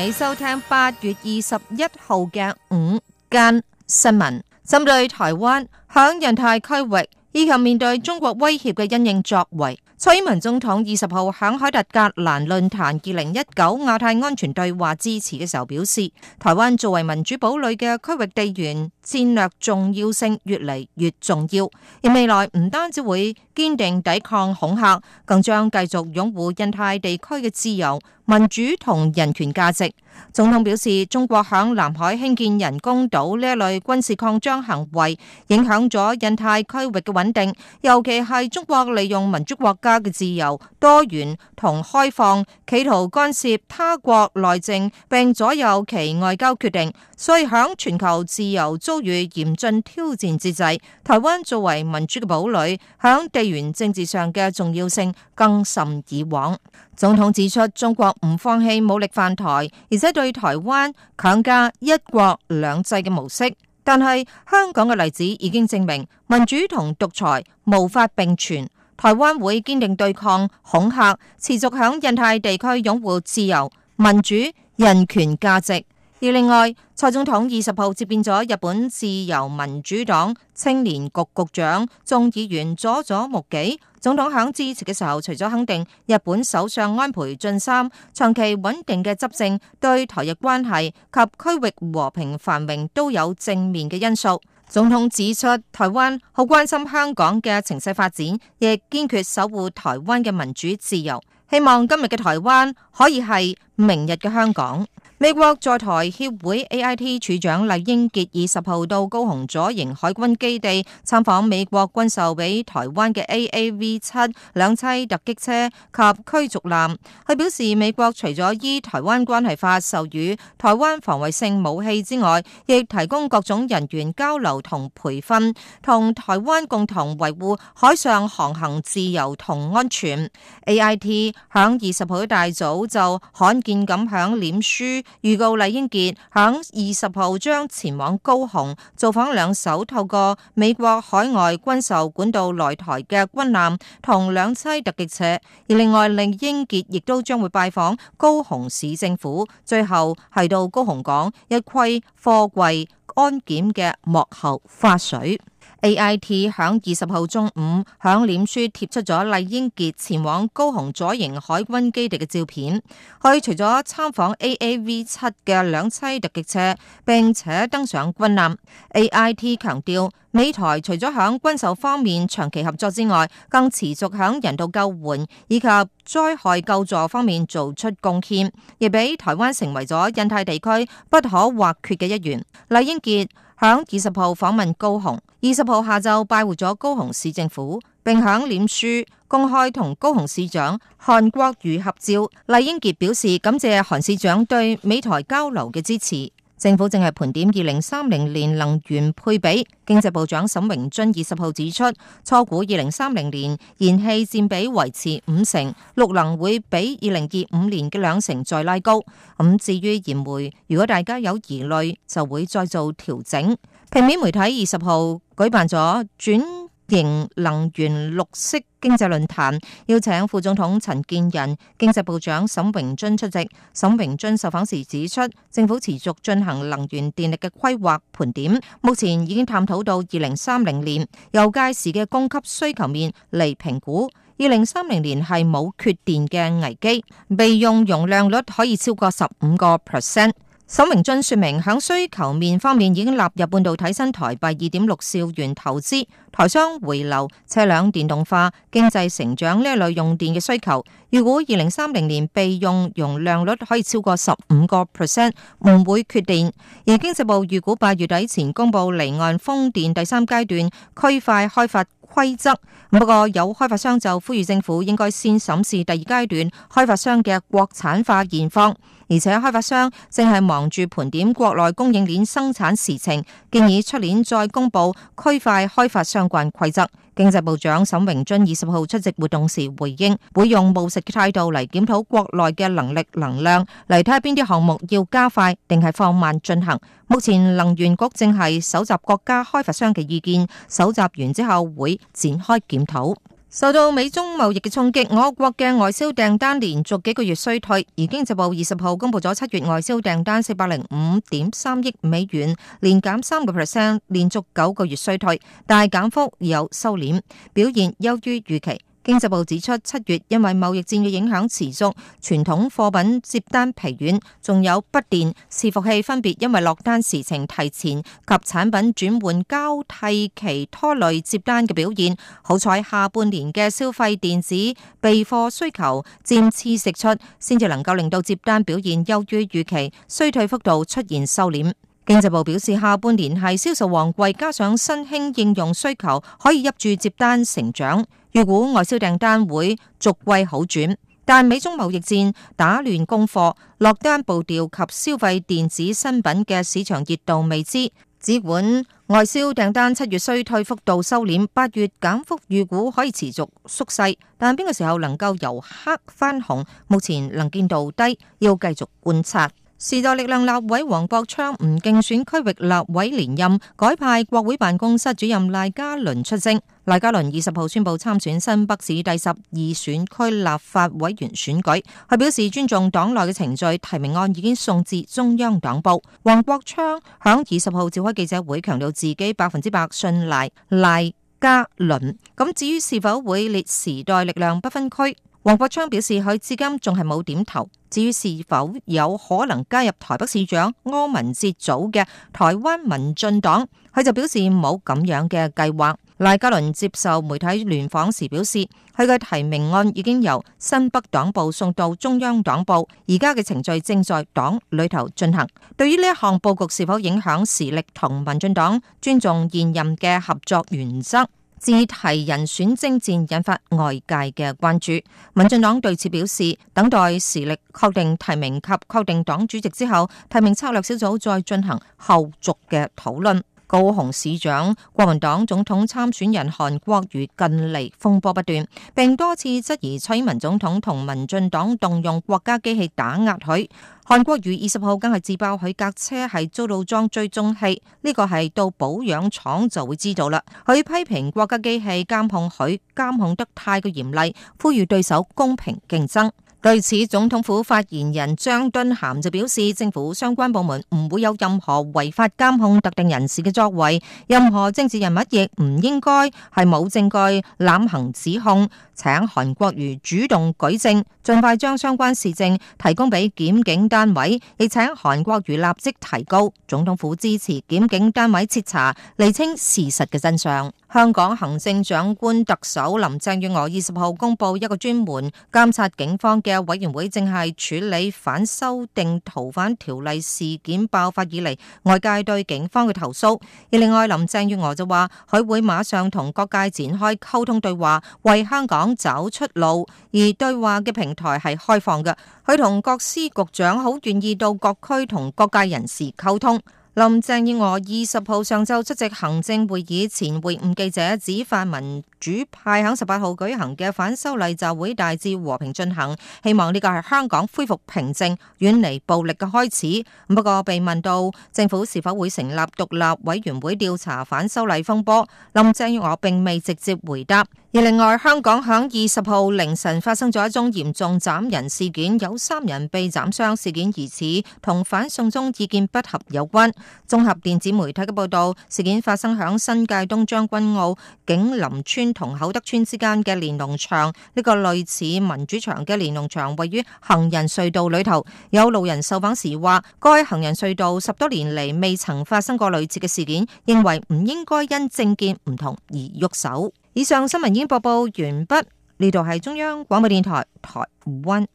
你收聽八月二十一號嘅午間新聞，針對台灣響印太區域以及面對中國威脅嘅因應作為，蔡英文總統二十號響凱達格蘭論壇二零一九亞太安全對話致辭嘅時候表示，台灣作為民主堡壘嘅區域地緣，戰略重要性越嚟越重要，而未來唔單止會堅定抵抗恐嚇，更將繼續擁護印太地區嘅自由、民主同人權價值。總統表示，中國響南海興建人工島呢一類軍事擴張行為，影響咗印太區域嘅穩定，尤其係中國利用民族國家嘅自由、多元同開放，企圖干涉他國內政並左右其外交決定，所以響全球自由遭，遭遇嚴峻挑戰之際，台灣作為民主嘅堡壘，響地緣政治上嘅重要性更甚以往。總統指出，中國唔放棄武力犯台，而且對台灣強加一國兩制嘅模式。但係香港嘅例子已經證明，民主同獨裁無法並存。台灣會堅定對抗恐嚇，持續響印太地區擁護自由、民主、人權價值。而另外，蔡總統二十號接見咗日本自由民主黨青年局局長眾議員佐佐木紀。總統響致辭嘅時候，除咗肯定日本首相安倍晉三長期穩定嘅執政對台日關係及區域和平繁榮都有正面嘅因素，總統指出台灣好關心香港嘅情勢發展，亦堅決守護台灣嘅民主自由，希望今日嘅台灣可以係。明日嘅香港，美國在台協會 AIT 處長酈英傑二十號到高雄左營海軍基地參訪美國軍售俾台灣嘅 AAV 七兩棲突擊車及驅逐艦。佢表示，美國除咗依台灣關係法授予台灣防衛性武器之外，亦提供各種人員交流同培訓，同台灣共同維護海上航行自由同安全。AIT 響二十號一大早就罕見咁響臉書預告，酈英傑響二十號將前往高雄造訪兩艘透過美國海外軍售管道來台嘅軍艦同兩棲突擊車，而另外，酈英傑亦都將會拜訪高雄市政府，最後係到高雄港一窺貨櫃安檢嘅幕後花絮。AIT 喺二十號中午喺臉書貼出咗麗英傑前往高雄左營海軍基地嘅照片，佢除咗參訪 AAV7 嘅兩棲突擊車，並且登上軍艦。AIT 強調，美台除咗喺軍售方面長期合作之外，更持續喺人道救援以及災害救助方面做出貢獻，亦俾台灣成為咗印太地區不可或缺嘅一員。麗英傑。喺二十號訪問高雄，二十號下午拜會咗高雄市政府，並喺臉書公開同高雄市長韓國瑜合照。酈英傑表示感謝韓市長對美台交流嘅支持。政府正係盤點二零三零年能源配比，經濟部長沈榮津二十號指出，初估二零三零年燃氣佔比維持五成，綠能會比二零二五年嘅兩成再拉高。咁至於燃煤，如果大家有疑慮，就會再做調整。平面媒體二十號舉辦咗轉型能源綠色經濟論壇邀請副總統陳建仁、經濟部長沈榮津出席。沈榮津受訪時指出，政府持續進行能源電力嘅規劃盤點，目前已經探討到二零三零年由屆時嘅供給需求面嚟評估。二零三零年係冇缺電嘅危機，備用容量率可以超過十五個 percent。沈明俊說明，喺需求面方面已經納入半導體、新台幣二點六兆元投資、台商回流、車輛電動化、經濟成長呢一類用電嘅需求。預估二零三零年備用容量率可以超過十五個 percent，唔會缺電。而經濟部預估八月底前公布離岸風電第三階段區塊開發規則。不過有開發商就呼籲政府應該先審視第二階段開發商嘅國產化現況。而且開發商正係忙住盤點國內供應鏈生產時程，建議出年再公布區塊開發相關規則。經濟部長沈榮津二十號出席活動時回應，會用務實嘅態度嚟檢討國內嘅能力能量，嚟睇下邊啲項目要加快定係放慢進行。目前能源局正係搜集國家開發商嘅意見，搜集完之後會展開檢討。受到美中貿易嘅衝擊，我國嘅外銷訂單連續幾個月衰退。而經濟部二十號公布咗七月外銷訂單四百零五點三億美元，連減三個 percent，連續九個月衰退，但係減幅有收斂，表現優於預期。經濟部指出，七月因為貿易戰嘅影響持續，傳統貨品接單疲軟，仲有筆電伺服器分別因為落單時程提前及產品轉換交替期拖累接單嘅表現。好彩下半年嘅消費電子備貨需求漸次釋出，先至能夠令到接單表現優於預期，衰退幅度出現收斂。經濟部表示，下半年係銷售旺季，加上新興應用需求可以入住接單成長。預估外銷訂單會逐季好轉，但美中貿易戰打亂供貨、落單步調及消費電子新品嘅市場熱度未知。儘管外銷訂單七月衰退幅度收斂，八月減幅預估可以持續縮細，但邊個時候能夠由黑翻紅，目前能見度低，要繼續觀察。時代力量立委黃國昌唔競選區域立委連任，改派國會辦公室主任賴嘉倫出征。賴嘉倫二十號宣布參選新北市第十二選區立法委員選舉。佢表示尊重黨內嘅程序，提名案已經送至中央黨部。黃國昌響二十號召開記者會，強調自己百分之百信賴賴嘉倫。咁至於是否會列時代力量不分區？黃國昌表示，佢至今仲係冇點頭。至於是否有可能加入台北市長柯文哲組嘅台灣民進黨，佢就表示冇咁樣嘅計劃。賴嘉倫接受媒體聯訪時表示，佢嘅提名案已經由新北黨部送到中央黨部，而家嘅程序正在黨裏頭進行。對於呢一項布局是否影響時力同民進黨尊重現任嘅合作原則，自提人選征戰引發外界嘅關注，民進黨對此表示，等待時力確定提名及確定黨主席之後，提名策略小組再進行後續嘅討論。高雄市長國民黨總統參選人韓國瑜近嚟風波不斷，並多次質疑蔡英文總統同民進黨動用國家機器打壓佢。韓國瑜二十號更係自爆佢架車係遭到裝追蹤器，呢個係到保養廠就會知道啦。佢批評國家機器監控佢監控得太過嚴厲，呼籲對手公平競爭。對此，總統府發言人張惇涵就表示，政府相關部門唔會有任何違法監控特定人士嘅作為，任何政治人物亦唔應該係冇證據濫行指控，請韓國瑜主動舉證，盡快將相關事證提供俾檢警單位，亦請韓國瑜立即提告，總統府支持檢警單位徹查釐清事實嘅真相。香港行政長官特首林鄭月娥二十號公布一個專門監察警方嘅委員會，正係處理反修訂逃犯條例事件爆發以嚟，外界對警方嘅投訴。而另外，林鄭月娥就話佢會馬上同各界展開溝通對話，為香港找出路。而對話嘅平台係開放嘅，佢同各司局長好願意到各區同各界人士溝通。林鄭月娥二十號上晝出席行政會議前會晤記者，指泛民主派喺十八號舉行嘅反修例集會大致和平進行，希望呢個係香港恢復平靜、遠離暴力嘅開始。不過被問到政府是否會成立獨立委員會調查反修例風波，林鄭月娥並未直接回答。而另外，香港喺二十號凌晨發生咗一宗嚴重斬人事件，有三人被斬傷。事件疑似同反送中意見不合有關。綜合電子媒體嘅報道，事件發生響新界東將軍澳景林村同厚德村之間嘅連儂牆，呢、這個類似民主牆嘅連儂牆位於行人隧道裏頭。有路人受訪時話，該行人隧道十多年嚟未曾發生過類似嘅事件，認為唔應該因政見唔同而喐手。以上新聞已經播報完畢，呢度係中央廣播電台台灣。One.